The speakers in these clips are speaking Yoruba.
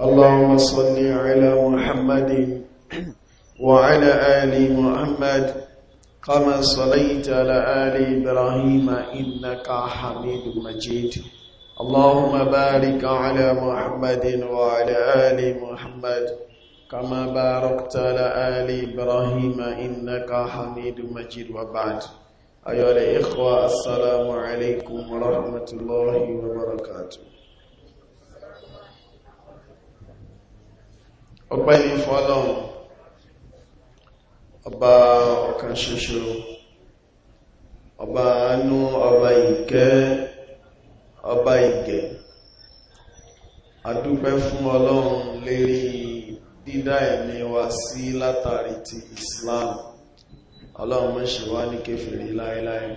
اللهم صل على محمد وعلى آل محمد كما صليت على آل إبراهيم إنك حميد مجيد اللهم بارك على محمد وعلى آل محمد كما باركت على آل إبراهيم إنك حميد مجيد وبعد أيها الإخوة السلام عليكم ورحمة الله وبركاته ọpẹ́ ní fọ́lọ́run ọba ọ̀kan ṣoṣo ọba anú ọba ìkẹ́ ọba ìgẹ̀ adúpẹ́ fún ọlọ́run lérí dídá ẹ̀mí wa sí látàrí ti Islam ọlọ́run mọ́ ṣe wá ní kéfèrè láíláí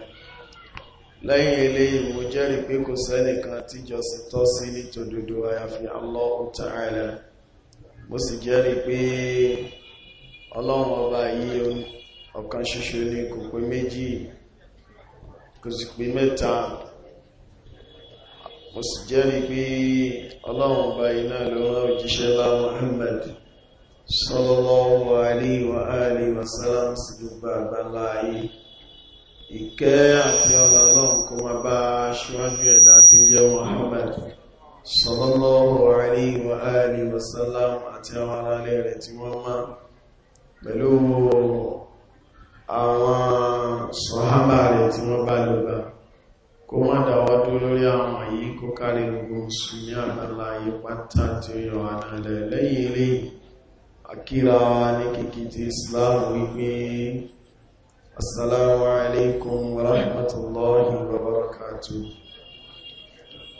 lẹ́yìn eléyìí mo jẹ́rìí pé kò sẹ́nìkan tíjọ sí tọ́ sí nítòdodo àyàfi Allah ta'ala mo sì jẹ́rìí pé ọlọ́run ọba yìí ọ̀kan ṣoṣo ni kò pé méjì kò sì pé mẹ́ta mo sì jẹ́rìí pé ọlọ́run ọba yìí náà ló rán òjíṣẹ́ Muhammad sallallahu alaihi wa alihi wa sallam sí gbogbo àgbàlá ayé ìkẹ́ àti ọlọ́run kó má bá aṣíwájú ẹ̀dá tí jẹ́ Muhammad sallallahu alayhi wa alihi wa sallam àti àwọn aráalé rẹ̀ tí wọ́n máa pẹ̀lú àwọn sọ̀hábà rẹ̀ tí wọ́n bá lọ́gbà kó má dáwọ́ tó lórí àwọn yìí kó kárí gbogbo mùsùlùmí àgbàlá yìí pátá tí ó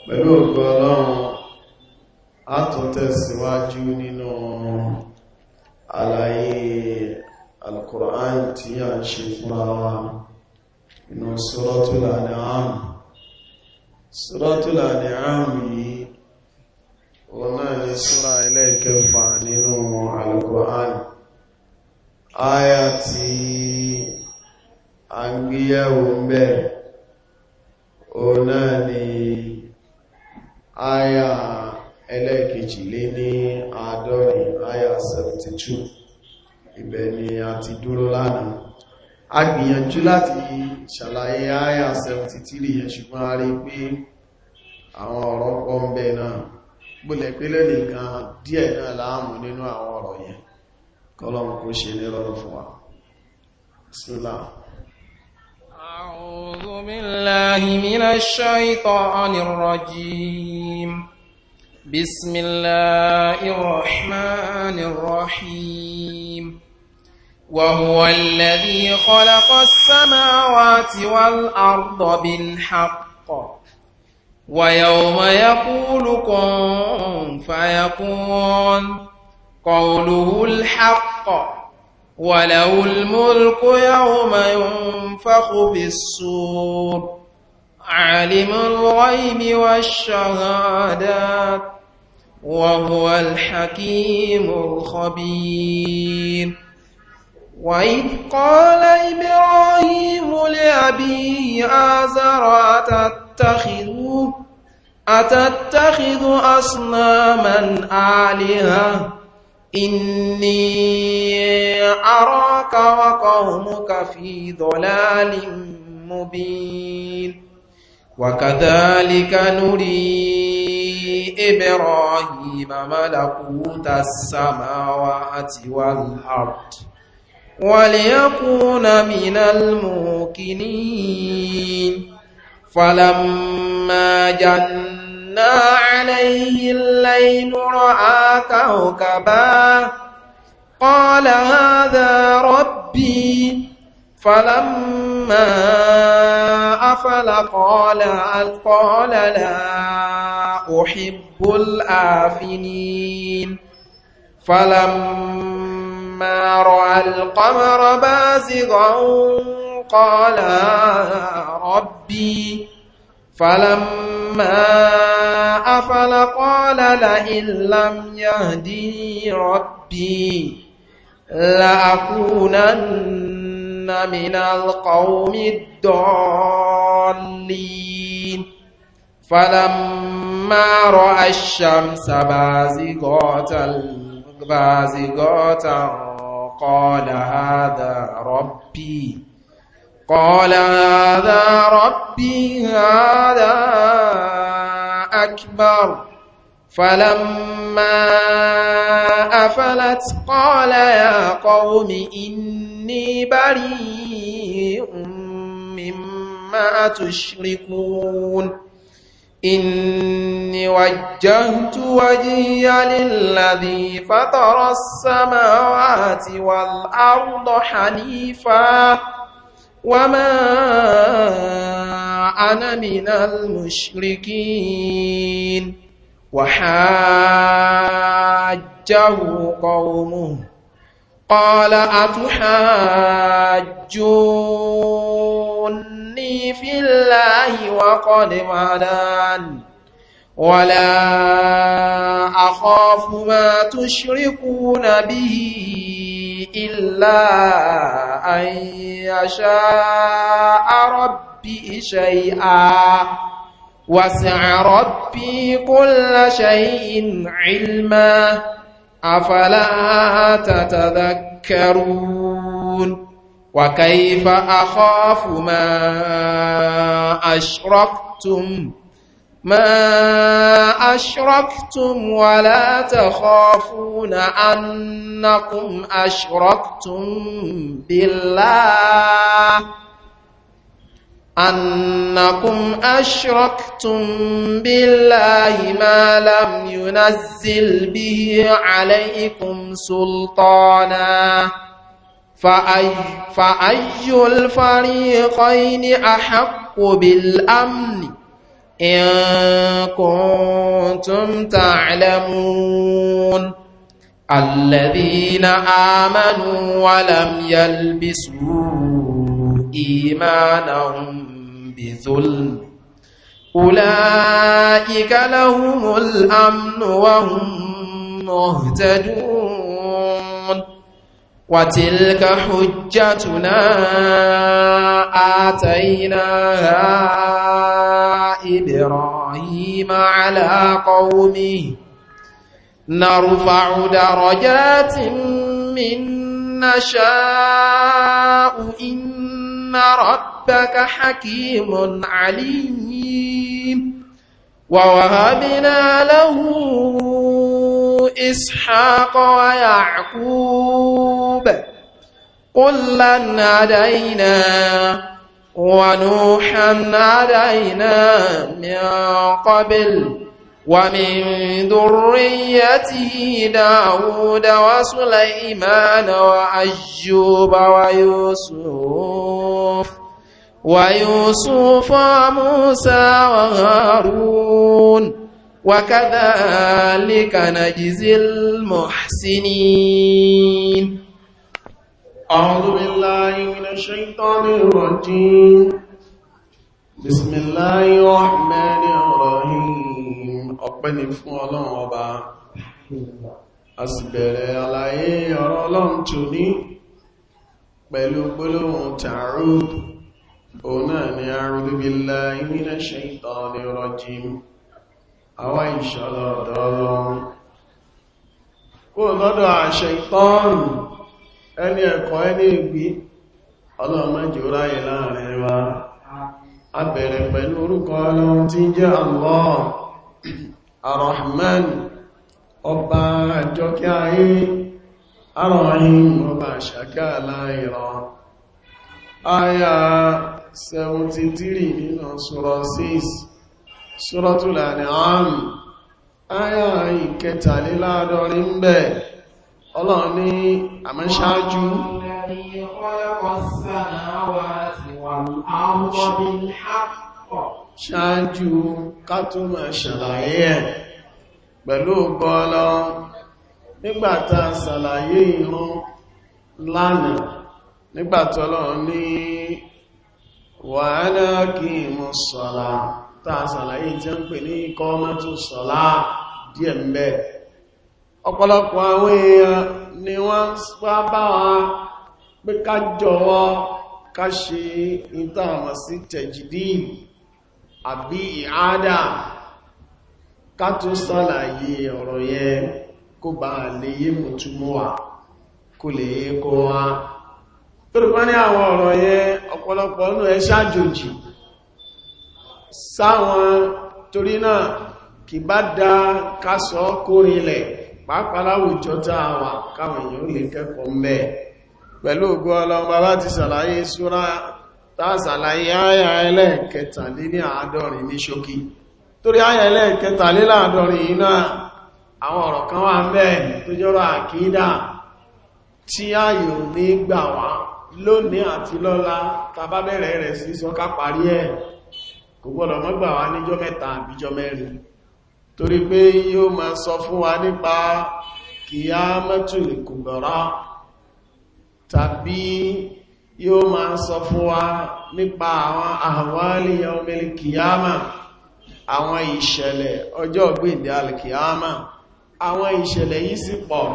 pẹ̀lú ògbọ́ ọlọ́run a tún tẹ̀síwájú nínú àlàyé Al-Qur'an tí a ń ṣe fúnra wa inú Suratul An'am Suratul An'am yìí wọ́n náà ni súra gbìyànjú láti ṣàlàyé àyà 73 yẹn ṣùgbọ́n a rí pé àwọn ọ̀rọ̀ pọ̀ ń bẹ náà gbọ́lẹ̀ pé lẹ́nìí kan díẹ̀ náà láàmù nínú àwọn ọ̀rọ̀ yẹn kọlọ́mù kó ṣe ní rọrùn fún wa sílá بسم الله الرحمن الرحيم وهو الذي خلق السماوات والأرض بالحق ويوم يقول كن فيكون قوله الحق وله الملك يوم ينفخ في الصور عالم الغيب والشهادات وهو الحكيم الخبير وإذ قال إبراهيم لأبيه آزر أتتخذ أتتخذ أصناما آلهة إني أراك وقومك في ضلال مبين وكذلك نري إبراهيم ملكوت السماوات والأرض وليكون من الموقنين فلما جنا عليه الليل رأى كوكبا قال هذا ربي فلما أفل قال قال لا أحب الآفلين فلما فلما رأى القمر بازغا قال ربي فلما أفل قال لئن لم يهدني ربي لأكونن من القوم الضالين فلما رأى الشمس بازغة بازغة قال هذا ربي قال هذا ربي هذا أكبر فلما أفلت قال يا قوم إني بريء مما تشركون إني وجهت وجهي للذي فطر السماوات والأرض حنيفا وما أنا من المشركين وحاجه قومه قال أتحاجون يجتهدني في الله وقد هدان ولا أخاف ما تشركون به إلا أن يشاء ربي شيئا وسع ربي كل شيء علما أفلا تتذكرون وكيف أخاف ما أشركتم ما أشركتم ولا تخافون أنكم أشركتم بالله أنكم أشركتم بالله ما لم ينزل به عليكم سلطاناً فأي, فأي الفريقين أحق بالأمن إن كنتم تعلمون الذين آمنوا ولم يلبسوا إيمانهم بظلم أولئك لهم الأمن وهم مهتدون وتلك حجتنا آتيناها إبراهيم على قومه نرفع درجات من نشاء إن ربك حكيم عليم ووهبنا له إسحاق ويعقوب كلا هدينا ونوحا هدينا من قبل ومن ذريته داود وسليمان وعجوب ويوسف ويوسف وموسى وهارون وكذلك نجزي المحسنين أعوذ بالله من الشيطان الرجيم بسم الله الرحمن الرحيم ọpẹ́ ni fún ọlọ́run ọba a sì bẹ̀rẹ̀ àlàyé ọ̀rọ̀ ọlọ́run tó ní pẹ̀lú gbólóhùn tààrù òun náà ni a'udhu billahi minash shaitani rajim àwa ìṣọ́lọ̀ ọ̀dọ́ ọlọ́run kó lọ́dọ̀ àṣẹ ìtọ́rùn ẹni ẹ̀kọ́ ẹni ìgbí ọlọ́mọjò ráyẹ láàrin wa a bẹ̀rẹ̀ pẹ̀lú orúkọ ọlọ́run tí ń jẹ́ Allah Ar-Rahman ọba àjọkẹ́ ayé ar 73 nínú sura Suratul An'am ayá ìkẹtàléláàdọ́rin ń ọlọ́run ní àmọ́ṣáájú ṣáájú kátùmọ̀ ṣàlàyé ẹ̀ pẹ̀lú ọgbọ́ọlọ nígbàtà ṣàlàyé ìrun lánàá nígbàtà ọlọ́run ní wàhálà kí mọ́ sọ́lá tàà sàlàyé jẹ́ ń pè ní ikọ́ sọ̀lá díẹ̀ mẹ́ ọ̀pọ̀lọpọ̀ àwọn èèyàn ni wọ́n wá bá wa pé ká jọ̀wọ́ ká ṣe ìtààmà sí tẹ̀jìdì àbí ìhádà ká sàlàyé ọ̀rọ̀ yẹn kó bá lè yé mọ̀túnmọ́ kó lè yé kó wá tó rí pẹ́ ọnụ sáwọn torí náà kì bá dá kásọ̀ kórìnlẹ̀ pàápàá láwùjọ tá a wà káwọn èèyàn lè kẹ́kọ̀ọ́ mẹ́ pẹ̀lú ògo ọlọ́run bàbá ti sàlàyé súra táà sàlàyé àyà ẹlẹ́ẹ̀kẹtàléláàádọ́rin ní ṣókí torí àyà ẹlẹ́ẹ̀kẹtàléláàádọ́rin yìí náà àwọn ọ̀rọ̀ kan wà mẹ́ẹ̀ tó jọ́rọ̀ àkídà tí ààyò ní gbà wá lónìí àti lọ́la tàbá rẹ̀ sí sọ ká parí ẹ̀ kò gbọ́dọ̀ mọ́gbà wá níjọ́ mẹ́ta àbíjọ́ mẹ́rin torí pé yóò máa sọ fún wa nípa kìyàmọ́tùl kùbọ̀rá tàbí yóò máa sọ fún wa nípa àwọn àwálì yaumil kìyàmà àwọn ìṣẹ̀lẹ̀ ọjọ́ gbìndẹ̀ alìkìyàmà àwọn ìṣẹ̀lẹ̀ yìí sì pọ̀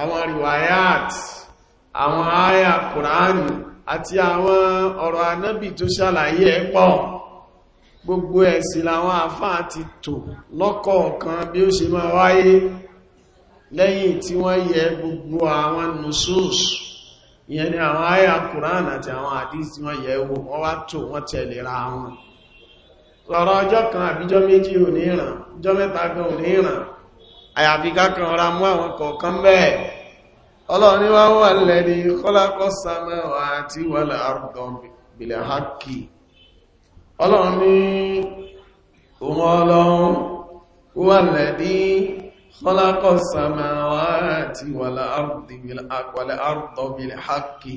àwọn riwayat àwọn àyà kùránì àti àwọn ọ̀rọ̀ anábì tó ṣàlàyé ẹ̀ gbogbo ẹ̀sìn làwọn àfáà ti tò lọ́kọ̀ọ̀kan bí ó ṣe máa wáyé lẹ́yìn tí wọ́n yẹ gbogbo àwọn nusus ìyẹn ni àwọn àyà àti àwọn hadith tí wọ́n yẹ wò wọ́n wá tò wọ́n tẹ̀lera wọn kan àbíjọ́ méjì ọjọ́ mẹ́ta gan mú àwọn kọ̀ọ̀kan bẹ́ẹ̀ wà lẹ́ni àti àrùdọ̀ bìlẹ̀ ọlọ́run ní ohun ọlọ́run wà lẹ́dí kọ́lákọ̀ sàmàwà àti wàlẹ̀ àrùtọ̀bìlẹ̀ haki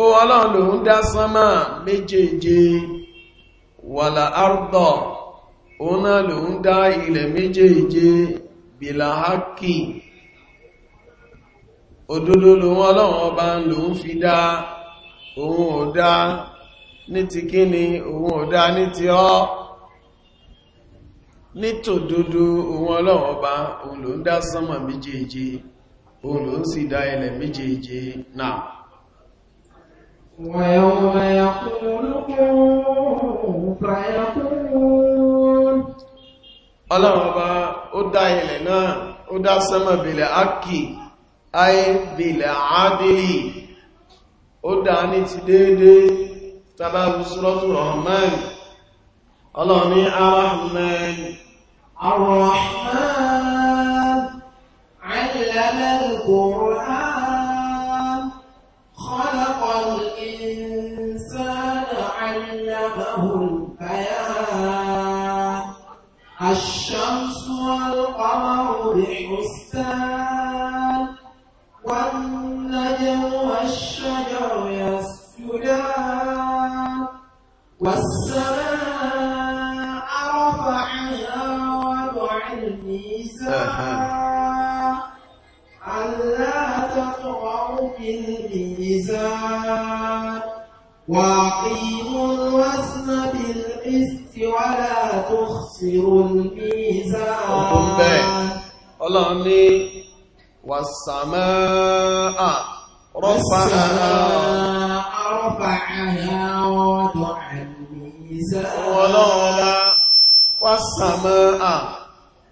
ó ọlọ́run lòun dá sánmà méjèèje wàlà àrùtọ̀ òun náà lòun dá ilẹ̀ méjèèje bìlà haki òdodo lòun ọlọ́run ọba lòun fi dá òun ò ní ti kí ni òun ọ̀dá ní ti ọ́ ní tòdodo òun ọlọ́run ọba òun ló ń dá sánmà méjèèje òun ló ń sì dá ilẹ̀ méjèèje náà ويوم يقول ọba ó dá ilẹ̀ náà ó dá sánmà ákì ayé ó tàbábù súrọ́tù Rahman ọlọ́run ní Ar-Rahman Ar-Rahman 'allama al-Qur'an khalaqa al-insana 'allamahu al-bayan ash-shamsu wal والسماء رفعها رفعها وضع الميزان ولولا والسماء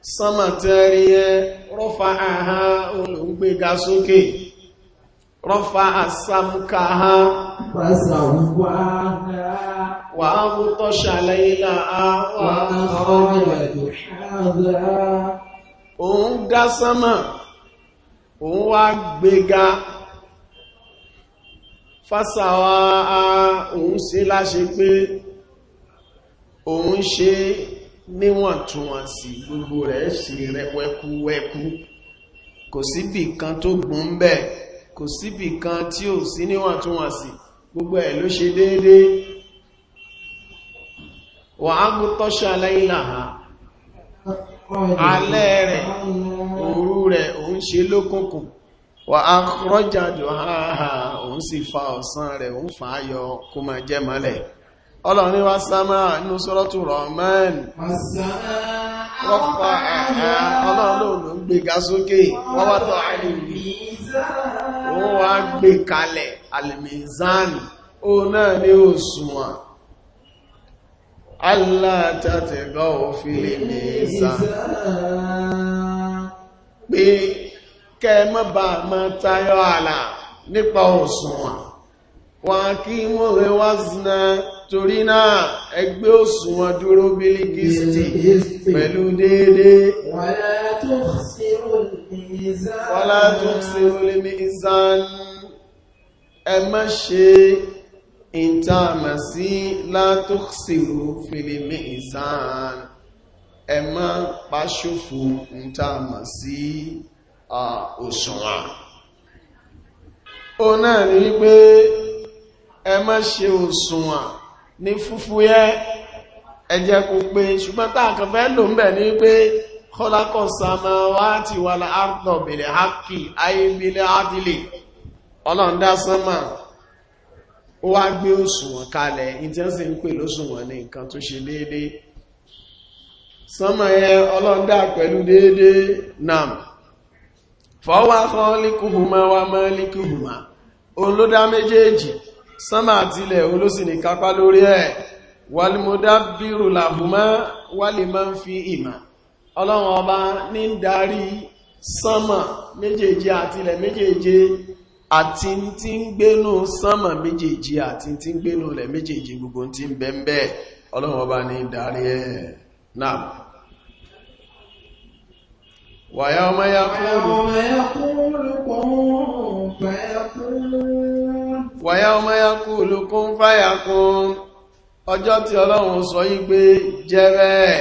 سما تريه رفعها olùgbéga sókè rọ́fà àsàmùkàá wà á mú tọ́ṣà lẹ́yìnà á wà á mú ọ̀rọ̀ ìwẹ̀dù òun dá sánmà òun wá gbéga fásáwá òun ṣe láṣe pé òun ṣe níwọ̀ntúnwọ̀nsì gbogbo rẹ̀ ṣe rẹ̀wẹ̀kúwẹ̀kú kò síbì kan tó gùn bẹ̀ kò síbì kan tí ò sí níwọ̀ntúnwọ̀nsì gbogbo ẹ̀ ló ṣe déédé wà á mú tọ́ṣà lẹ́yìn àhá alẹ́ rẹ̀ rẹ̀ òun ṣe lókùnkùn wà á rọ́jàdù àhà òun sì fa ọ̀sán rẹ̀ òun fà á yọ kó máa jẹ́ mọ́lẹ̀ ọlọ́ni wá sámá inú sọ́rọ́tù rọ̀mán rọ́fà àhà ọlọ́run ló òfin lè mìíràn pé kẹ́ mọ́ bá mọ́ tayọ àlà nípa òṣùwọ̀n wọn kí wọ́n rẹ̀ wá zina torí náà ẹgbẹ́ òṣùwọ̀n dúró bílíkìsì pẹ̀lú déédéé wàlá tó sí olèmí ìzán ẹ má ṣe ìntàmà sí látòkṣìrò fèlèmí ìzán ẹ má pàṣòfò ń tá mọ̀ sí òṣùwọ̀n ó náà ní wípé ẹ ṣe òṣùwọ̀n ní fúfúyẹ́ ẹ jẹ́ kó pé ṣùgbọ́n tá a fẹ́ lò ń bẹ̀ ní wípé kọ́lákọ̀ samawati wà láàrùtọ̀ hákì ayébílẹ̀ ádìlẹ̀ ọlọ́ndá sánmà ó wá gbé òṣùwọ̀n kalẹ̀ ìtẹ́sí ń pè lóṣùwọ̀n ní nǹkan tó ṣe déédéé sánmà ẹ ọlọ́dá pẹ̀lú déédé nam fọ́wá kọ́ líkùhùmá wá mọ́ líkùhùmá olódá méjèèjì sánmà àtilẹ̀ olóṣìní kápá lórí ẹ̀ wàlìmọ́dá bírù làbùmá wàlìmọ́ fi ìmà ọlọ́run ọba ní darí sánmà méjèèjì àtilẹ̀ méjèèjì àti tí ń gbénú sánmà méjèèjì àti tí ń gbogbo ń ọba ní darí نعم ويوم يقول ويوم يقول كن فيكون ويوم يقول ọjọ́ tí ọlọ́run sọ yí pé jẹ́ bẹ́ẹ̀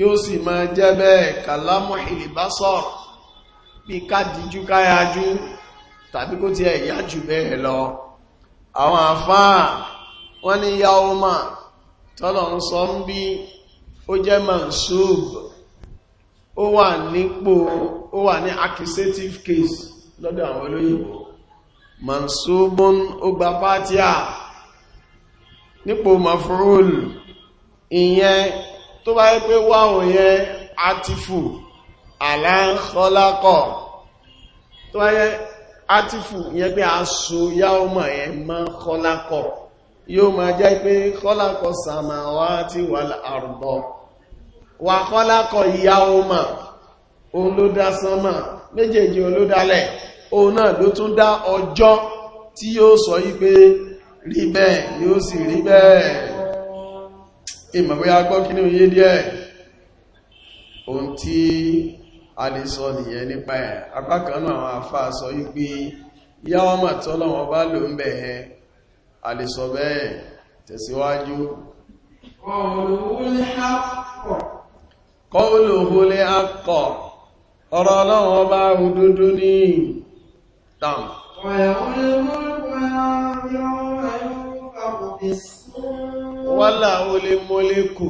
yóò sì máa jẹ́ bẹ́ẹ̀ kàlámù ìlìbásọ̀ bí kádìjú káyájú tàbí kó ti ẹ̀yà jù bẹ́ẹ̀ lọ àwọn àfáà wọ́n ní tọ́lọ́run sọ ń bí ó jẹ́ mansub ó wà nípò ó wà ní accusative case lọ́dọ̀ àwọn olóyìnbó mansubun ó gba pátíà nípò maf'ul ìyẹn tó bá yẹ pé wà ò yẹ atifu aláńkọ́lákọ̀ tó bá yẹ atifu ìyẹn pé a so yáọmọ̀ ẹ̀ mọ́ kọ́lákọ̀ yóò máa jẹ́ pé kọ́lákọ̀ sàmàwá ti wà àrùbọ̀ wà kọ́lákọ̀ ìyàwó mà òun ló dá sánmà méjèèjì òun ló dálẹ̀ òun náà ló tún dá ọjọ́ tí yóò sọ yí pé rí bẹ́ẹ̀ yóò sì rí bẹ́ẹ̀ ìmọ̀bóyá gbọ́ a lè a lè sọ bẹ́ẹ̀ tẹ̀síwájú qawluhu al-haqq ọ̀rọ̀ ọlọ́run ọba òdodo ní tam wala al-mulku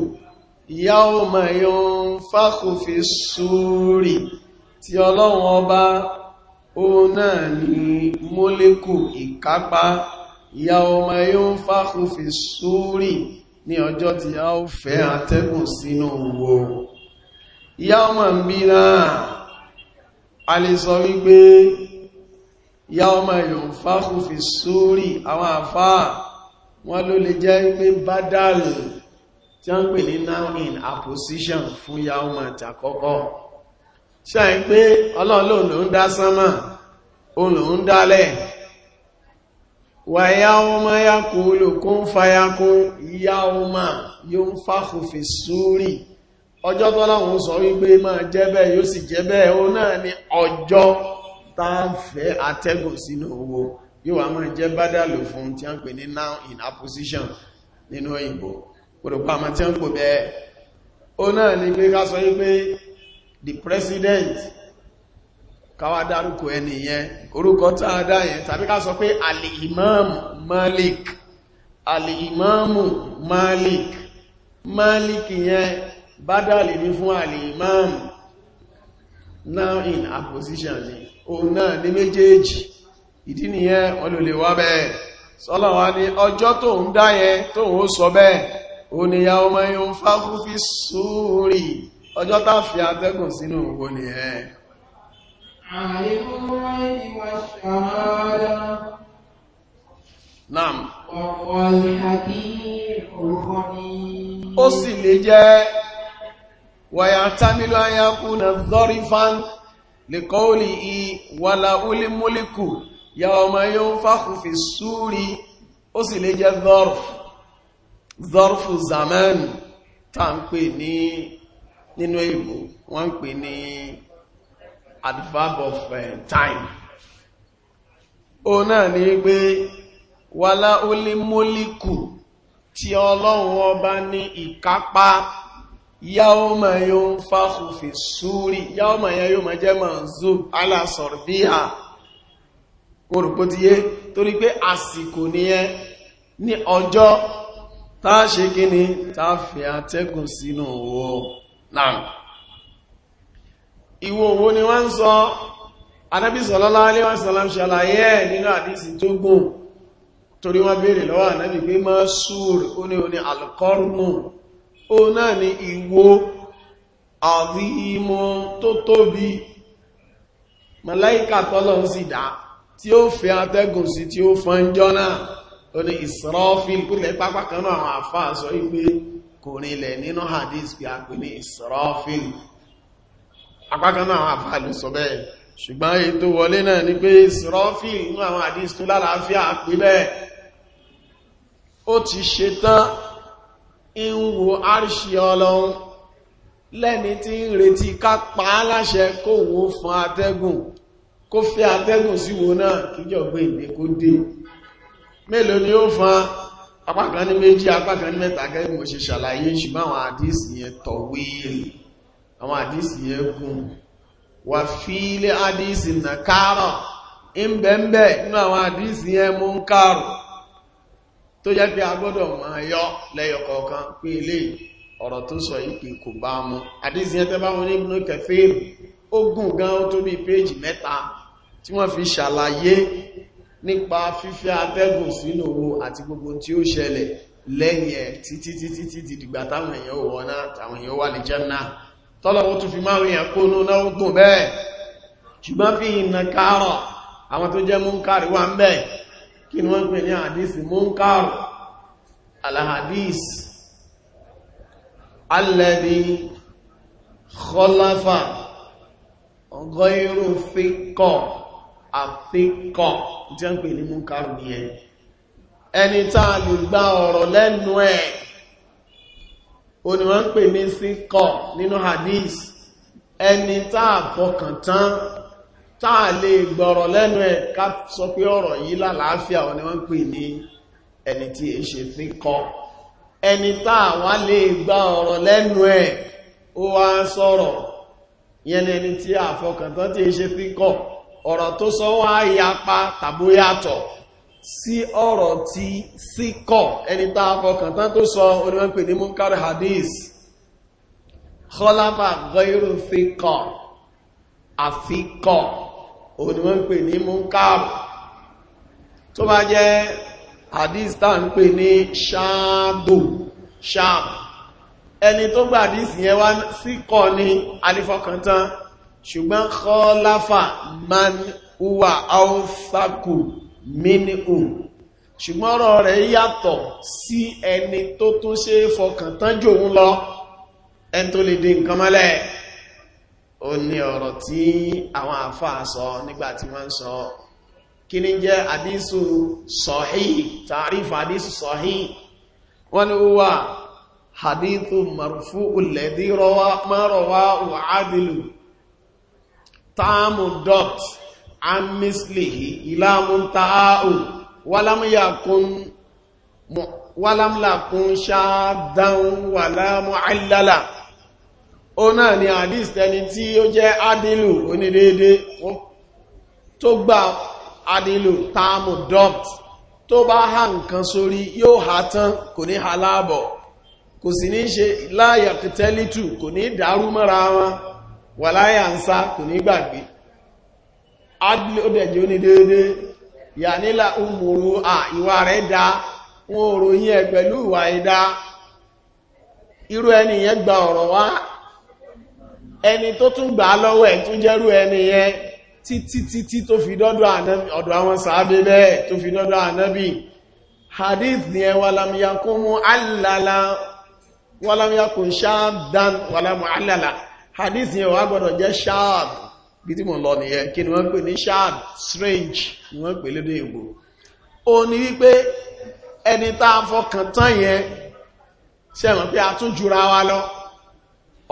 yawma yunfakhu fi s-suri tí ọlọ́run ọba òun náà ní mólíkù ìkápá yawma yunfakhu fi súúrì ní ọjọ́ tí a ó fẹ́ atẹ́gùn sínú wo yawma ń bí náà a lè sọ wípé yawma yunfakhu fi súúrì àwọn àfáà wọ́n ló lè jẹ́ pé bádàlì tí a ń pè ní now in apposition fún yawma tàkọ́kọ́ ṣáà ń pé ọlọ́run ló ń dá sánmà òun ló ń dálẹ̀ وَيَوْمَ يَقُولُ كُنْ فَيَكُنْ يَوْمَ يُنْفَخُ فِي الصُّورِ ọjọ́ tọ́láhùn sọ wípé máa jẹ́ yóò sì jẹ́ ó náà ni ọjọ́ táàfẹ́ atẹ́gùn sínú owó yóò wà máa jẹ́ bádàlù fún tí a ń pè ní now in apposition nínú òyìnbó pòròpá tí a ń pò bẹ́ẹ̀ ó náà ni pé ká sọ wípé the president káwà dárúkọ ẹni yẹn orúkọ táa dá yẹn tàbí ká sọ pé alìmọ́mù malik alìmọ́mù malik malik yẹn bada ní fún alìmọ́mù now in opposition ni òun náà ní méjèèjì ìdí nìyẹn olùlèwà bẹ́ẹ̀ sọ́lọ̀wà ní ọjọ́ tó ń dá yẹn tó ń sọ bẹ́ẹ̀ ó ya ọmọ yóò fákú fi sóòrì ọjọ́ tá fi atẹ́gùn sínú òun ni عالم الغيب والشهادة نعم وهو الحكيم الخبير ó sì lè jẹ́ أن يكون ظرفا لقوله وله الملك يوم ينفخ في الصور ó sì ظرف ظرف زمان tá ń pè ní nínú èbò adverb of uh, time o náà ní pé wàlá olímólíkù tí ọlọ́run ọba ní ìkápá yáọ́mà yóò ń fáhù fi súúrí yáọ́mà yẹn yóò máa jẹ́ mọ̀zú orùpótíyé torí pé àsìkò nìyẹn ní ọjọ́ ṣe kí ni fi ìwò owó ni wọ́n ń sọ anábí sọ̀lọ́lá aléwàsàlám ṣàlàyé ẹ̀ nínú àdísì tó gùn torí wọ́n béèrè lọ́wọ́ anábí pé mọ́ ṣúr ó oní alkọ́rùnmù ó náà ni ìwò àdímọ́ tó tóbi màláíkà tọ́lọ̀ ń sì dá nínú hadith pé a pè ní ìsọ́fíl apákan náà àfà ló sọ bẹ́ẹ̀ ṣùgbọ́n ètò wọlé náà ni pé sírọ́fì inú àwọn àdís tó lálàáfíà pé bẹ́ẹ̀ ó ti ṣe tán ń wo àríṣì ọlọ́run lẹ́ni tí ń retí ká pa á láṣẹ kó wo fún atẹ́gùn kó fẹ́ atẹ́gùn sí wo náà kíjọ gbé ìgbé kó dé mélòó ni ó fún apákan ní méjì apákan ní mẹ́ta gẹ́gùn òṣèṣàlàyé ṣùgbọ́n àwọn àdís yẹn tọ̀wé rẹ̀ àwọn àdísì yẹn kún wà fílẹ̀ àdísì nà kárọ̀ ìbẹ̀m̀bẹ̀ inú àwọn àdísì yẹn mú ń kárọ̀ tó jẹ́ pé agbọ́dọ̀ mọ̀ yọ lẹ́yọ̀ kọ̀ọ̀kan pé ilé ọ̀rọ̀ tó sọ ìpè kò bá mú àdísì wọn kẹfẹ́ gan ó tó fi ṣàlàyé nípa fífẹ́ atẹ́gùn sínú owó gbogbo tí ó ṣẹlẹ̀ lẹ́yìn ẹ̀ títí títí títí dìgbà táwọn èèyàn náà táwọn èèyàn wà tọ́lọ̀wọ́ tún fi máa ríyàn kó ní náà gùn bẹ́ẹ̀ ṣùgbọ́n fi ìnà káàrọ̀ àwọn tó jẹ́ múnkàrí wà ń bẹ̀ kí ni wọ́n pè ní àdísì múnkàrù alhadis alẹ́bí kọlọ́fà ọgọ́ irú fíkọ̀ jẹ́ pè ní múnkàrù nìyẹn ẹni tàà lè gbá ọ̀rọ̀ lẹ́nu ẹ̀ ó ní wọ́n ń pè ní síkọ̀ nínú hadith ẹni táà fọkàn tán táà lè gbọ́rọ̀ lẹ́nu ẹ̀ ká sọ pé ọ̀rọ̀ yìí lálàáfíà ó ní wọ́n ń pè ní ẹni tí è ṣe síkọ̀ ẹni táà wá lè gba ọ̀rọ̀ lẹ́nu ẹ̀ ó wá sọ̀rọ̀ yẹn ẹni tí àfọkàn tí è ṣe síkọ̀ ọ̀rọ̀ tó sọ wá yapa tàbóyàtọ̀ sí ọ̀rọ̀ tí síkọ̀ ẹni tá fọkàn tán tó sọ oníwọ́n pè ní munkar hadis kọláfà gọ́irù síkọ̀ àfíkọ̀ oníwọ́n pè ní munkar tó bá jẹ́ hadis tá ń pè ní ṣáàbù ṣáàbù ẹni tó gbà hadis yẹn wá síkọ̀ ní alifọkàn tán ṣùgbọ́n kọláfà man uwa aufaku minhum ṣùgbọ́n ọ̀rọ̀ rẹ̀ yàtọ̀ sí ẹni tó tó ṣe é fọkàn tán jò lọ ẹni tó lè dé nǹkan mọ́lẹ̀ ó ní ọ̀rọ̀ tí àwọn àfáà sọ nígbà tí wọ́n ń sọ kí ní jẹ́ àdísù sọ̀hí tàrífà àdísù sọ̀hí wọ́n ni ó wà hadithu marfu ulẹ̀dí rọwá márọwá wà ádìlù táàmù dọ́tù amislihi ìlàmùntàáhù wàlámùyàkún wàlámùlàkún ṣáàdáhùn wàlámù àìlàlà ó náà ni àdís tẹni tí ó jẹ́ adìlù onídéédé tó gba adìlù táàmù dọ́pt tó bá ha nǹkan sórí yóò ha tán kò ní ha láàbọ̀ kò sì ní ṣe láyàkítẹ́lítù kò ní dàrú mọ́ra wọn wà ń sá kò ní gbàgbé adìlẹ̀ ó dẹ̀ jẹ́ ó ní déédé yà nílà umùrù à ìwà rẹ̀ dá wọn ò ròyìn ẹ̀ pẹ̀lú ìwà ẹ̀dá irú ẹni yẹn gba ọ̀rọ̀ wá ẹni tó tún gbà á lọ́wọ́ ẹ̀ tún jẹ́rú ẹni yẹn títí títí tó fi dọ́dọ̀ ànábì ọ̀dọ̀ àwọn sàábé bẹ́ẹ̀ tó fi dọ́dọ̀ ànábì hadith ni ẹ wàlàmìyàkó mú àlàlà wàlàmìyàkó ṣáàdán wàlàmù àlàlà hadith ni ẹ wà gbọ́dọ̀ jẹ́ ṣáàdù bí tí mo lọ nìyẹn kí ni wọ́n pè ní shard strange ni wọ́n pè lédè Ìgbò ó ní wípé ẹni tá a fọkàn tán yẹn ṣẹ̀wọ̀n pé a tún jura wa lọ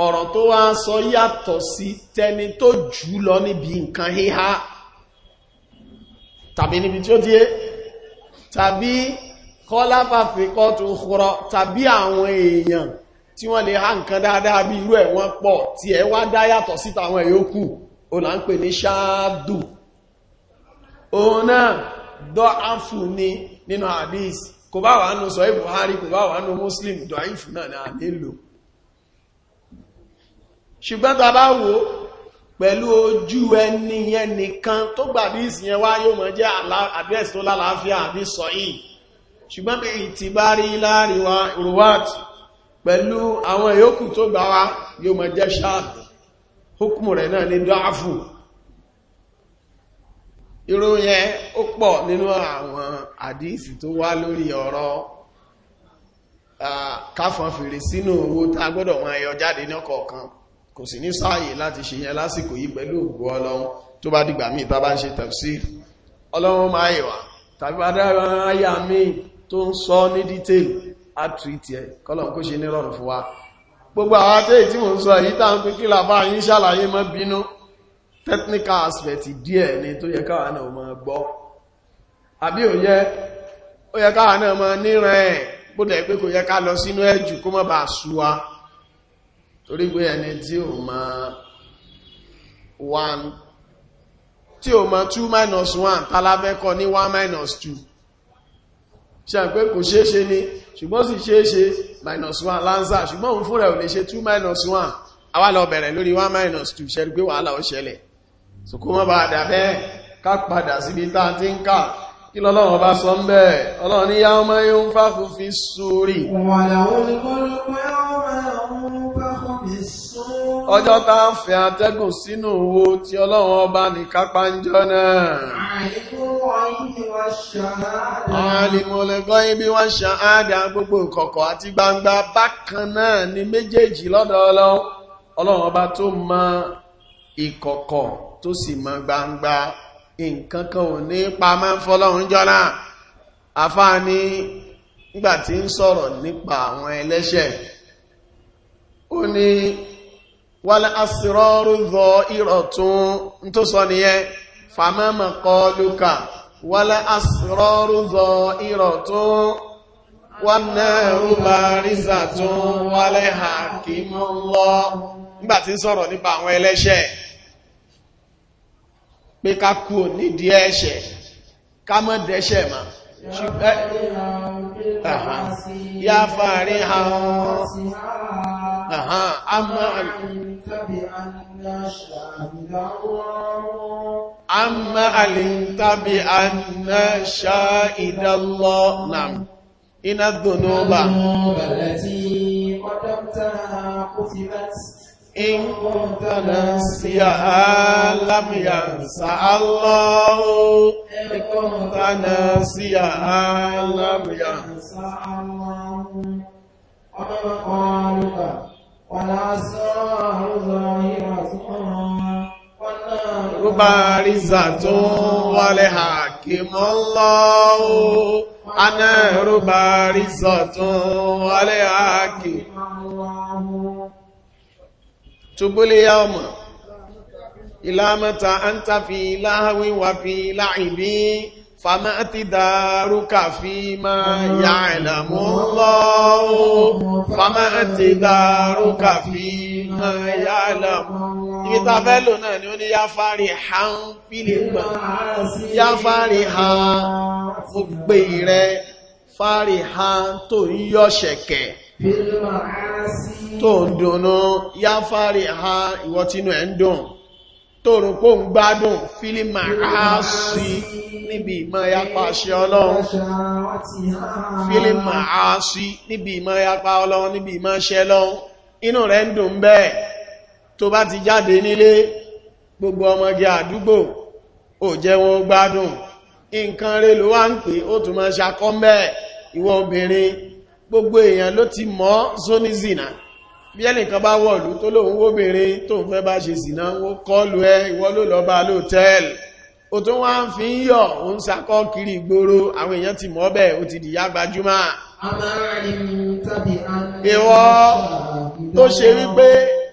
ọ̀rọ̀ tó wá ń sọ yàtọ̀ sí tẹni tó jù lọ níbi nǹkan híhá tàbí níbi tí ó di é tàbí kọ́lá fàfikọ́ tó kúrọ tàbí àwọn èèyàn tí wọ́n lè há nǹkan dáadáa bí irú ẹ̀ wọ́n pọ̀ tí ẹ wá dá yàtọ̀ síta àwọn ẹ̀yókù ó là ń pè ní ṣáàdù òun náà dọ́ áfù ní nínú hadith kò bá wà nù sọ ìbùhárí kò bá wà nù muslim dọ̀ífù náà ni a nílò ṣùgbọ́n ta bá wo pẹ̀lú ojú ẹni yẹn nìkan tó gbàdí ìsìnyẹn wá yóò mọ̀ jẹ́ àdírẹ́sì tó lálàáfíà àbí sọ yìí ṣùgbọ́n bí ìtì bá rí láàrin wa ruwat pẹ̀lú àwọn yòókù tó gbà wá yóò mọ̀ jẹ́ ṣáàdù hukumu rẹ̀ náà ní dọ́áfù irú yẹn ó pọ̀ nínú àwọn àdíìsì tó wá lórí ọ̀rọ̀ káfọn fèrè sínú owó tá gbọ́dọ̀ wọn ẹyọ jáde ní ọ̀kọ̀ọ̀kan kò sì ní sáàyè láti ṣe yẹn lásìkò yìí pẹ̀lú ògbó ọlọ́run tó bá dìgbà míì tá bá ń ṣe tafsir ọlọ́run máa yẹ̀wà tàbí adára ayà míì tó ń sọ ní dítèlì á tìrìtì ẹ̀ kọ́lọ̀ kó ṣe nírọ̀rùn fún wa gbogbo àwọn atẹ́ tí mo ń sọ èyí tá ń pè kí làbá yín ṣàlàyé mọ́ bínú technical aspect díẹ̀ ni tó yẹ káwa náà mọ́ gbọ́ àbí ò yẹ ó yẹ káwa náà mọ́ níran ẹ̀ bó dẹ̀ pé kò yẹ ká lọ sínú ẹ̀jù kó mọ́ bá ṣúwa torí pé ẹni tí ò mọ̀ one tí ò mọ̀ two minus one tálábẹ́kọ ní one minus ṣe àpé kò ṣeéṣe ni ṣùgbọ́n sì ṣeéṣe minus 1 lanza, ṣùgbọ́n òun fúnra ò lè ṣe 2 minus 1 àwa lọ bẹ̀rẹ̀ lórí 1 minus 2 ṣẹ́rí pé wàhálà ó ṣẹlẹ̀ so kó mọ́ bá dà bẹ́ẹ̀ ká padà síbi tá ti ń kà kí lọ́lọ́run bá sọ ń ọlọ́run ní yá ọmọ yóò ń fáfún fi sórí wàhálà ó ní kó ló pẹ́ ọjọ́ tá ń fẹ́ atẹ́gùn sínú wo tí ọlọ́run ọba nìkápá ń jọ náà alìmọ̀lẹ́gọ́ ibi wọ́n ṣàádà gbogbo ìkọ̀kọ̀ àti gbangba bákan náà ni méjèèjì lọ́dọ̀ ọlọ́run ọba tó mọ ìkọ̀kọ̀ tó sì mọ gbangba nǹkan kan ò ní jọ náà nígbà tí ń sọ̀rọ̀ nípa àwọn Wa lé asọrọ rụzọ ịrọ tụụ ntụ sọ na ihe, fa ma mụ kọ dị ka, wa lé asọrọ rụzọ ịrọ tụụ, wa na ehulwa rịza tụụ, wa lé ha sọrọ nipa awọn ọlọshia, kpe ka ku n'ịdị eshe, ka mụ da eshe ma, shi ee ee ya afa arị ha hụ Amma alintabi anna sha'idallah nam ina dhunuba allati qadamtaha qutilat in kunta nasiyaha lam yansa Allah in kunta nasiyaha lam yansa Allah wa qalu ya tkelọụanarụriztụwake tụbụliam ilataplaiwalibi fàmà ti dàrú kàfí máa yà ìlàmú lọ́wọ́ fàmà ti dàrú kàfí máa yà ìlàmú ibi ta fẹ́ lò náà ni ó ní yáfàárí hàn fílìpà yáfàárí hàn gbogbo rẹ̀ fàárí hàn tó ń yọ ṣẹ̀kẹ̀ tó ń dùnnú yáfàárí hàn ìwọ́tínú ẹ̀ ń dùn tó rò pó ń gbádùn fílímà áásí níbi ìmọ̀ yapa àṣẹ ọlọ́run fílímà áásí níbi ìmọ̀ yapa ọlọ́run níbi ìmọ̀ ṣẹ lọ́run inú rẹ̀ ń dùn bẹ́ẹ̀ tó bá ti jáde nílé gbogbo ọmọge àdúgbò ò jẹ́ wọn gbádùn nǹkan rẹ̀ ló wá ń pè ó tún máa ṣakọ́ mẹ́ ìwọ obìnrin gbogbo èèyàn ló ti mọ̀ zonizina bí ẹnì kan bá wọ̀lú tó lóun wóbìnrin tó ń fẹ́ bá ṣe sìná ó kọlù ẹ ìwọ ló lọ bá lóòtẹ́ẹ̀lì ó tún wá ń fi ń yọ̀ ó ń sakọ́ kiri ìgboro àwọn èèyàn ti mọ̀ bẹ́ẹ̀ ó ti dìyà gbajúmọ̀ ìwọ tó ṣe wípé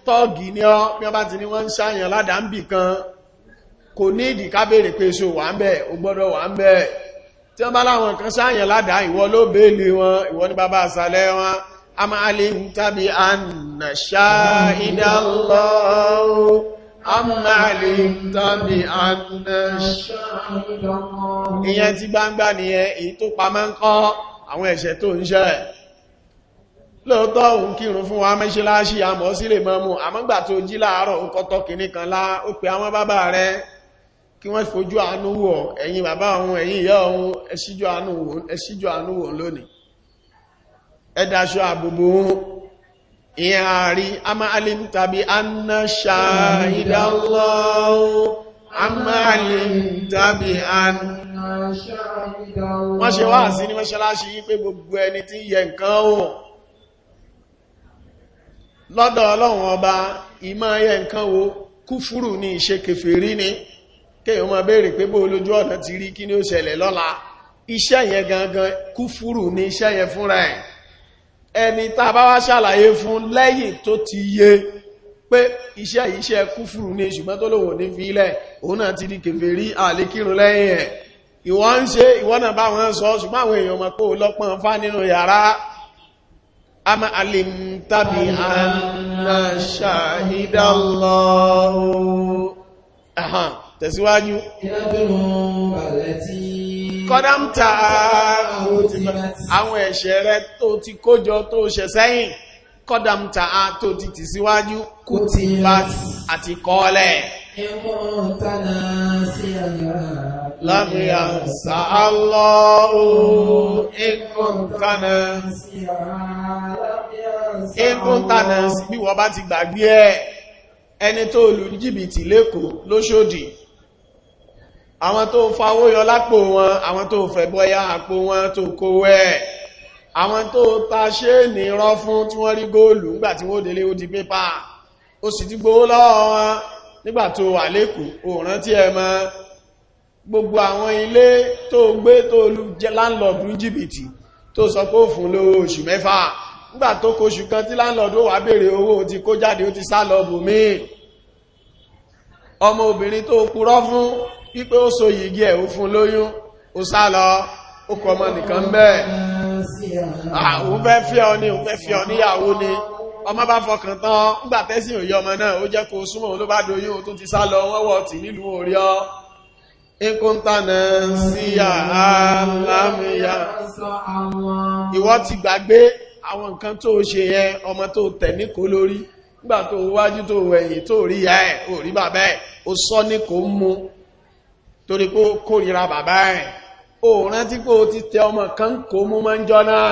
tọ́ọ̀gì ni ọ́ bí wọ́n bá ti ní wọ́n ń ṣàyàn ládàmbì kan kò ní ìdí ká béèrè pé ṣo wà ń bẹ̀ ó gbọ́dọ̀ wà ń bẹ̀ tí wọ́n bá láwọn kan ṣàyàn ládàá ìwọ ló béèlì wọn ìwọ ní bàbá àṣálẹ́ wọn أم علمت بأن شاهد الله أم علمت بأن شاهد الله ìyẹn tí gbangba nìyẹn èyí tó pamọ́ ń kọ́ àwọn ẹ̀ṣẹ̀ tó ń ṣẹ̀ lóòótọ́ òun kírun fún wa mẹ́ṣíláṣí àmọ́ sílè mọ́mú àmọ́gbà tó jí láàárọ̀ ó kọ́tọ́ kan lá ó pe àwọn bàbá rẹ̀ kí wọ́n fojú àánú wò ẹ̀yin bàbá òun ẹ̀yin ìyá òun ẹ̀ṣíjú àánú wò lónìí ẹ̀dàṣọ́ àbòbò ìyẹn ààrí amáàlìm tàbí anna ṣàìdánlọ́wọ́ amáàlìm tàbí anna ṣàìdánlọ́wọ́ wọ́n ṣe wá sí ní mọ́ṣálásí yí pé gbogbo ẹni tí yẹ nǹkan wọ̀ lọ́dọ̀ ọlọ́run ọba ìmọ̀ ẹyẹ nǹkan wo kúfúrù ní ìṣe kèfèrí ni kéèyàn máa béèrè pé bó lójú ọ̀nà ti rí kí ni ó ṣẹlẹ̀ lọ́la iṣẹ́ yẹn gangan kúfúrù ní iṣẹ́ yẹn fúnra ẹ̀ ẹni tá bá wá ṣàlàyé fún lẹ́yìn tó ti yé pé iṣẹ́ iṣẹ́ kúfùrù ní ṣùgbọ́n tó lòwò ní fílẹ̀ òun náà ti di kèfèrí àlékírun lẹ́yìn ẹ̀ ìwọ́n ń ṣe bá wọn sọ ṣùgbọ́n àwọn èèyàn kọ́dámtà àwọn ẹ̀ṣẹ̀ rẹ tó ti kójọ tó ṣẹ̀ sẹ́yìn kọ́dámtà tó ti tì síwájú kú ti bá àti kọ́ọ̀lẹ̀ lábíyà sàálọ́ọ̀ ẹkùntànà ẹkùntànà bí wọ́n bá ti gbàgbé ẹ̀ ẹni tó lù jìbìtì lẹ́kọ̀ọ́ lóṣòdì àwọn tó fawó yọ lápò wọn àwọn tó fẹ́ bọ́yá àpò wọn tó kówó ẹ̀ àwọn tó ta ṣe ní rán fún tí wọ́n rí góòlù nígbà tí wọ́n délé ó di pépà ó sì ti gbowó lọ́wọ́ wọn nígbà tó wà lẹ́kùn òòrán tí ẹ mọ́ gbogbo àwọn ilé tó gbé tó lu láńlọ́ọ̀dù jìbìtì tó sọ pé ó fún lówó oṣù mẹ́fà nígbà tó kóṣù kan tí láńlọ́ọ̀dù wà béèrè owó ti kó jáde ó ti sá lọ bòmíì ọmọ obìnrin tó purọ́ fún wípé ó so yìí ẹ̀ ó fún lóyún ó sá lọ ó kọ ọmọ nìkan bẹ́ẹ̀ àwọn fẹ́ fẹ́ ọ ní òun fẹ́ fẹ́ ọ níyàwó ni ọmọ bá fọkàn tán nígbà tẹ́sí òye ọmọ náà ó jẹ́ kó súnmọ́ ló bá doyún tó ti sá lọ wọ́n wọ́ tì nílùú orí ọ ìkúntànà sí àlàmìyà ìwọ ti gbàgbé àwọn nǹkan tó ṣe yẹ ọmọ tó tẹ̀ ní kó lórí nígbà tó wájú tó wẹ̀yìn tó rí ẹ̀ ò rí bàbá sọ ní kó mú torí pé ó kórìíra bàbá ẹ̀ ó rántí pé ó ti tẹ ọmọ kan kó mú mọ́ ń jọ náà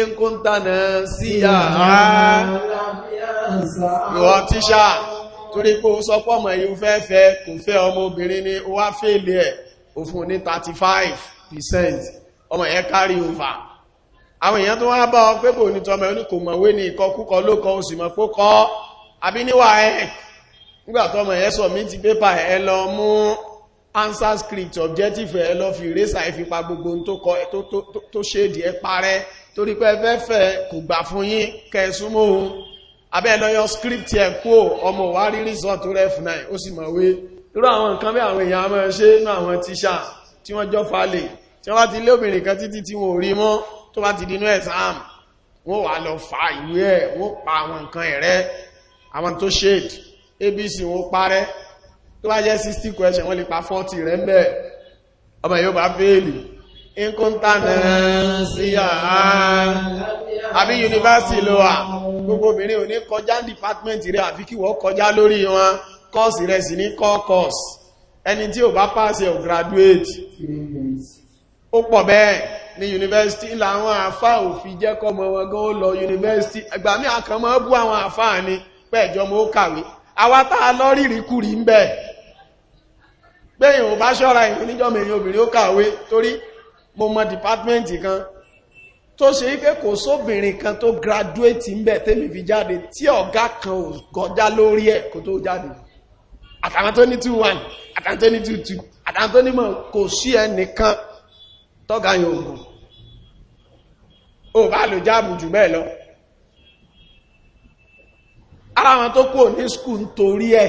ìkúntànà sí yàrá ìwọ tíṣà torí pé o sọ pọ́mọ̀ yìí fẹ́ fẹ́ kò fẹ́ ọmọ obìnrin ni ó wá fèèlè ẹ̀ ó fún ní 35% ọmọ ẹ̀ kárí over àwọn èèyàn tó wá bá ọ pé kò ní tọmọ ní kò mọ̀wé ní ìkọkúkọ ló kọ oṣù mọ̀ pó kọ́ àbí níwà ẹ̀ nígbàtọ́mọ̀ ẹ̀ sọ mí ti pépà ẹ lọ mú answer script objective ẹ lọ fi rẹ́sà ìfipá gbogbo tó kọ tó ṣèdí ẹ parẹ́ torí pé fẹ́fẹ́ kò gbà fún yín kẹsùmọ́ ohun abẹ́ lọ́yọ́ script ẹ kú ọmọ wá rí result ref 9 ó sì mọ̀ wé irú àwọn nǹkan bí àwọn èèyàn máa ṣe nínú àwọn tíṣà tí wọ́n jọ falẹ̀ tí wọ́n bá ti lé obìnrin kan títí tí wọ́n rí mọ́ tó bá ti dínú exam wọ́n wà lọ fa ìwé ẹ̀ wọ́n pa àwọn nǹkan ẹ̀rẹ́ àwọn tó ṣèdí abc wọ́n parẹ́ tó bá jẹ́ 60 question wọ́n lè pa 40 rẹ̀ mẹ́ ọmọ yóò bá fèèlì ìkúntànà sí àbí yunifásitì ló wà gbogbo obìnrin ò ní kọjá department rẹ̀ àfi kí wọ́n kọjá lórí wọn Course. rẹ̀ sì ní kọ́ kọ́ọ̀sì ẹni tí ò bá pass ẹ̀ ò graduate ó pọ̀ bẹ́ẹ̀ ní yunifásitì làwọn àfá ò fi jẹ́ kọ́mọ wọn gan ó lọ yunifásitì ẹgbàmí àkànmọ́ bú àwọn àfá ní pẹ́ẹ̀jọ́ mọ́ ó kàwé àwátá lọ́rìrìkúrì ń bẹ́ẹ̀ tẹ́yìn ò bá ṣọ́ra ìyìn oníjọ́mọ̀ èyàn obìnrin ó kàwé torí mo mọ dìpátmẹ́ǹtì kan tó ṣe wípé kò sóbìnrin kan tó graduate ń bẹ̀ tẹ́mi fi jáde tí ọ̀gá kan ò kọjá lórí ẹ̀ kó tó jáde àtàwọn tó ní 2-1 àtàwọn tó ní 2-2 àtàwọn tó ní mọ̀ kò sí ẹnìkan tọ́gá yẹn ògùn tó kú ò ní skul nítorí ẹ̀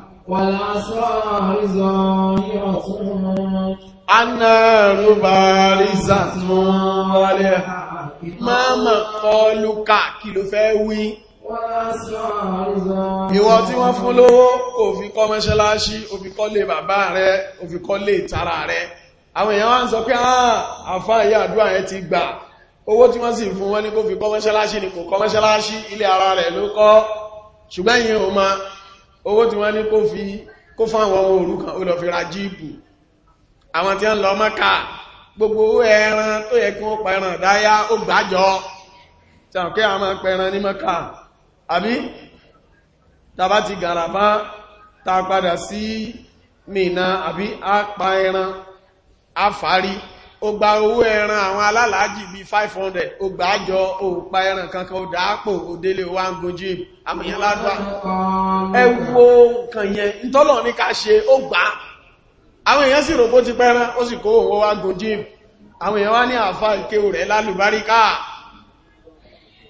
والأسرار ظاهرة النار بارزة ماما قالوا كاكيلو فاوي ìwọ tí wọ́n fún lówó ó fi kọ́ mọ́ṣáláṣí ó fi kọ́ lé bàbá rẹ̀ ó fi kọ́ lé ìtara rẹ̀ àwọn èèyàn wá ń sọ pé àfá ìyá àdúrà ẹ ti gbà owó tí wọ́n sì fún owó tí wọ́n ní kó fi kó fáwọn ọmọ òrukàn ó lọ fi ra jíìpù àwọn tí wọ́n lọ mọ́ka gbogbo owó ẹran tó yẹ kí wọ́n pa ẹran dáyá ó gbájọ sàwọn kí àwọn pẹran ní mọ́ka àbí tàbá ti gàràbá ta padà sí mìíràn àbí á pa ẹran á ó gba owó ẹran àwọn alálàájì bíi five hundred ó gbà á jọ ó pa ẹran kankan ó dàápò ó délé wa ń gojú ìmù àmọ̀yàn ládùá ẹ wo nǹkan yẹn ntọ́lọ̀ ní ká ṣe ó gbà á àwọn èèyàn sì rò bó ti pẹ́ran ó sì kó owó wa gojú ìmù àwọn èèyàn wá ní àfa ìkéwò rẹ̀ lálùbáríkà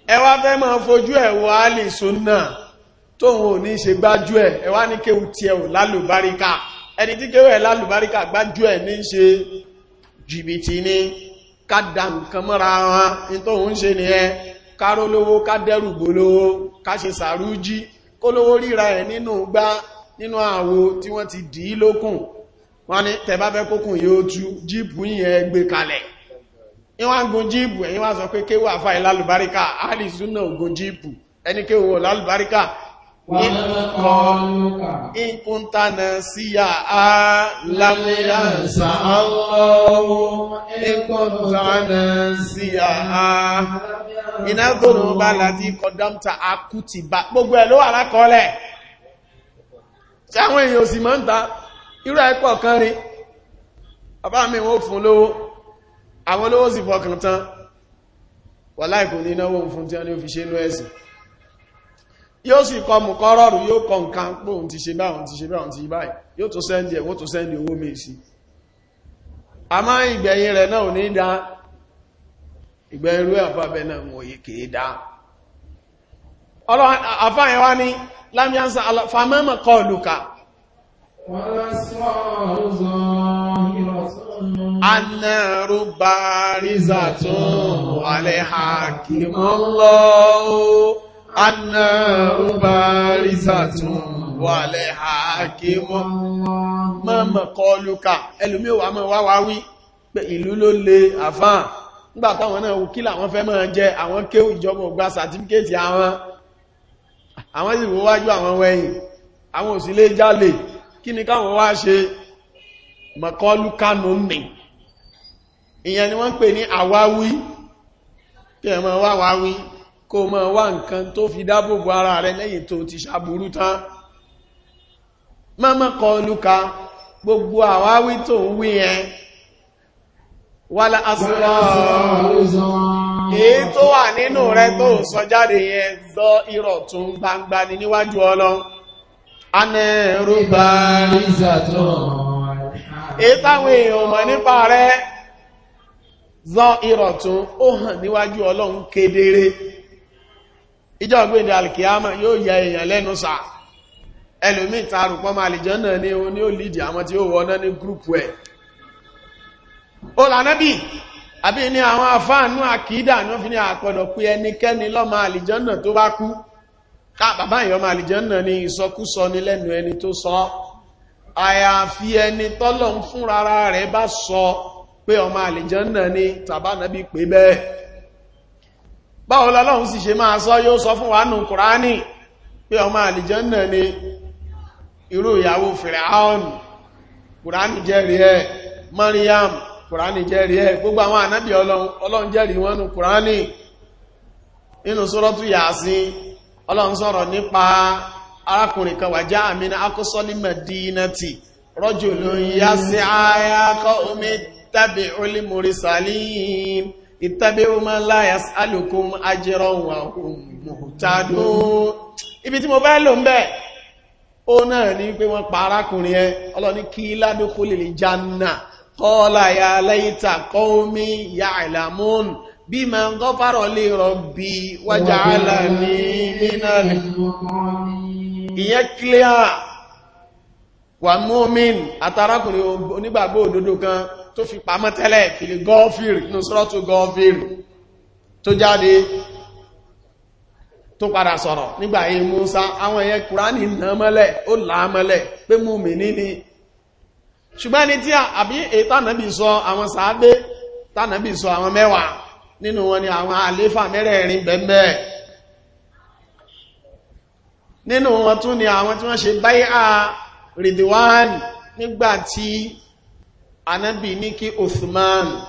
ẹ wá fẹ́ máa fojú ẹ̀ wọ alì sunna tóun ò ní ṣe gbájú ẹ̀ ẹ wá ní kéwù tiẹ̀ ò lálùbáríkà ẹni tí kéwù ẹ̀ lálùbáríkà gbájú ẹ̀ ní ṣe jìbìtì ní kádà nǹkan mọ́ra wọn ní tó ń ṣe ní ẹ káró lówó kádẹ́rù gbólówó káṣe sàrújí kó lówó ríra ẹ̀ nínú gbá nínú àwo tí wọ́n ti dì í lókùn wọ́n ní tẹ̀bá fẹ́ kókùn yóò tú jíìpù yìnyẹn gbé kalẹ̀ ìwọ́n gun jíìpù ẹ̀yìn wá sọ pé kéwà fà ìlàlùbáríkà àlìsúnà ògùn jíìpù ẹni kéwò lálùbáríkà in kuntana siya a sa allahu in kuntana siya a iná tónú bá láti kọ̀dámta akútìbá gbogbo ẹ̀ ló wà lákọọ́lẹ̀ tí àwọn èèyàn sì máa ń ta irú ẹ̀pọ̀ kan rí bàbá mi wọ́n fún lówó àwọn olówó sì fọkàn tán wà láìkò ní náwó fún tí a ní ó fi ṣe inú ẹ̀sìn yóò sì kọ mù kọ́ rọrù yóò kọ nǹkan pò ti ṣe báyìí ti ṣe báyìí ti báyìí yóò tó sẹ́ndì ẹ̀wọ́n tó sẹ́ndì owó mèsì àmọ́ ìgbẹ̀yìn rẹ̀ náà ò ní dá ìgbẹ̀yìn rú náà wọ́n yìí kìí dá wá ní kọ́ olùkà bá wà lẹ́hà kìí mọ́ lọ́wọ́. anna ubarizatun wàlẹ̀ àkíwọ́ mọ́mọ̀ kọlùkà ẹlùmíò wà mọ́ wáwá wí pé ìlú ló lè àfáà nígbà táwọn náà wù kí làwọn fẹ́ máa jẹ àwọn kéwù ìjọba ògbà sàtífíkètì àwọn àwọn sì wọ́wájú àwọn wẹ̀yìn àwọn òsìlé jálè kí ni káwọn wá ṣe mọ̀kọ́lùkánù mì ìyẹn ni wọ́n pè ní àwáwí kí ẹ̀mọ̀ wáwáwí kó o máa wá nǹkan tó fi dáàbòbò ara rẹ lẹ́yìn tó ti ṣàbúrú tán mọ́mọ́ kọ olúka gbogbo àwáwí tó ń wí ẹ wálá asọ́rọ̀ èyí tó wà nínú rẹ tó sọ jáde yẹn zọ irọ̀ tún gbangba ní níwájú ọlọ́run zọ irọ̀ ó hàn níwájú ọlọ́run kedere ìjọ ọgbẹ́ni alkiyama yóò yà èèyàn lẹ́nu sà ẹlòmí ìtàrùpọ̀ ma àlìjọ náà ní o ní àwọn tí ó wọ́ná ní gúrùpù ẹ̀ ó lànẹ́bì àbí ní àwọn afáànú àkídà ní ó fi ní àpọ̀dọ̀ pé ẹnikẹ́ni lọ́mọ àlìjọ tó bá kú ká bàbá náà ní ìsọkúsọ ní lẹ́nu sọ àyàfi ẹni ń fún sọ pé ọmọ ní báwo lọ́lọ́run sì ṣe máa sọ yóò sọ fún wa nù kùránì pé ọmọ àlìjẹ́nà ni irú ìyàwó fìràánù kùránì jẹ́rìí ẹ̀ mariam kùránì ẹ̀ gbogbo àwọn ànábì ọlọ́run jẹ́rìí wọn nù kùránì nínú sọ́rọ́tù si ọlọ́run sọ̀rọ̀ nípa arákùnrin kan wàjá àmìnà yá sí ayákọ́ omi tàbí ìtàbíwò máa ń láyà alùkún ajẹ́rọ wọn òmùtàdó ibi tí mo bá lò ń bẹ̀ ó náà ní pé wọ́n pa arákùnrin ẹ ọlọ́ni kí ládókó lè jánà kọ́ọ̀lá ya lẹ́yìntà kọ́ọ̀mí ya ìlàmún bí ma ń gọ́fàrọ̀ lè rọ̀ wájà àlà ní nínà ní ìyẹn clear tó fi pamọ́ tẹ́lẹ̀ fìlì gọ́ọ̀fìrì ní sọ́rọ̀tù gọ́ọ̀fìrì tó jáde tó padà sọ̀rọ̀ nígbà yìí Musa àwọn ẹ̀yẹ kùránì náà mọ́lẹ̀ ó làá mọ́lẹ̀ pé mú mi níní ṣùgbọ́n ní tí àbí ètànàbì sọ àwọn sàábé tànàbì sọ àwọn mẹ́wàá nínú wọn ni àwọn àléfà mẹ́rẹ̀ẹ̀rin bẹ́ẹ̀ nínú wọn tún ni àwọn tí wọ́n ṣe báyà rìdíwáàni nígbàtí anábì ní kí Uthman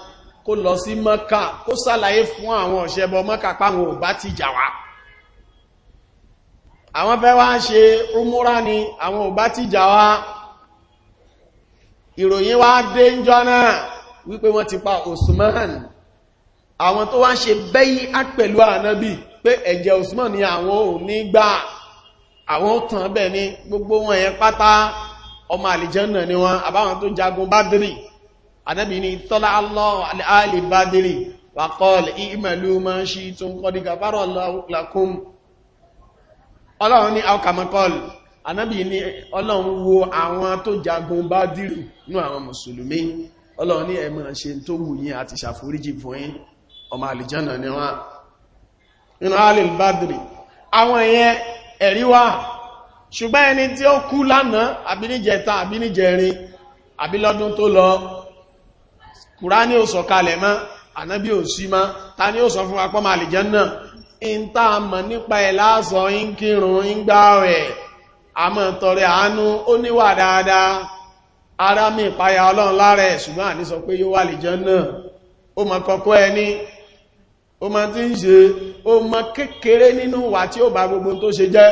kó lọ sí Mọ́kà kó sàlàyé fún àwọn ọ̀ṣẹ́bọ Mọ́kà páwọn ò bá ti jà wá àwọn fẹ́ wá ṣe umúra ni àwọn ò bá ti jà wá ìròyìn wá dé ń jọ náà wípé wọ́n ti pa Uthman àwọn tó wá ṣe bẹ́yí á pẹ̀lú ànábì pé ẹ̀jẹ̀ Uthman ni àwọn ò ní gbà àwọn tàn bẹ̀ ni gbogbo wọn yẹn pátá ọmọ àlìjẹ́nà ni wọ́n àbáwọn tó jagun bádìrì anábì ní tọ́lá aláàlì bádìrì wà kọ́ọ̀lì ìmẹ̀lú ma ń ṣí tún kọ́ díga fárọ̀ lákún ọlọ́run ní alkamakọ́ọ̀lì anábì ní ọlọ́run wo àwọn tó jagun bádìrì ní àwọn ẹ̀yẹn ẹ̀rí ṣùgbọ́n ẹni tí ó kú lánàá àbí níjẹta àbí tó lọ kùránì ò sọ̀kalẹ̀ mọ́ ànábí ò sí mọ́ ta ni ó sọ fún apọ́ máa lè jẹ́ náà in tá a mọ̀ nípa ẹ̀ lásọ in kírun in gbá rẹ̀ a mọ̀ tọrẹ àánú ó níwà dáadáa ara mi ìpayà ọlọ́run lára ẹ̀ ṣùgbọ́n àní sọ pé yóò wà lè jẹ́ náà ó mọ kọ́kọ́ ẹni ó mọ tí ń ṣe ó mọ kékeré nínú wà tí ó bá gbogbo tó ṣe jẹ́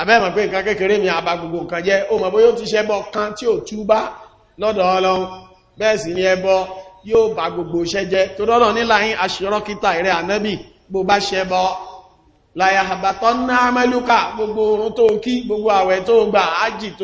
àbẹ́mọ̀ pé nǹkan kékeré mi àbá gbogbo nǹkan jẹ́ ó mọ̀ bó yóò ti ṣẹbọ kan tí ò túbá lọ́dọ̀ ọlọ́run bẹ́ẹ̀ sì ni ẹbọ yóò bá gbogbo iṣẹ́ jẹ́ tó dọ́dọ̀ níláyín aṣírọ́kítà ìrẹ́ ànábì bó bá ṣẹbọ láyàbàtọ́ náà mẹ́lúkà gbogbo orun tó kí gbogbo àwẹ̀ tó gbà ájì tó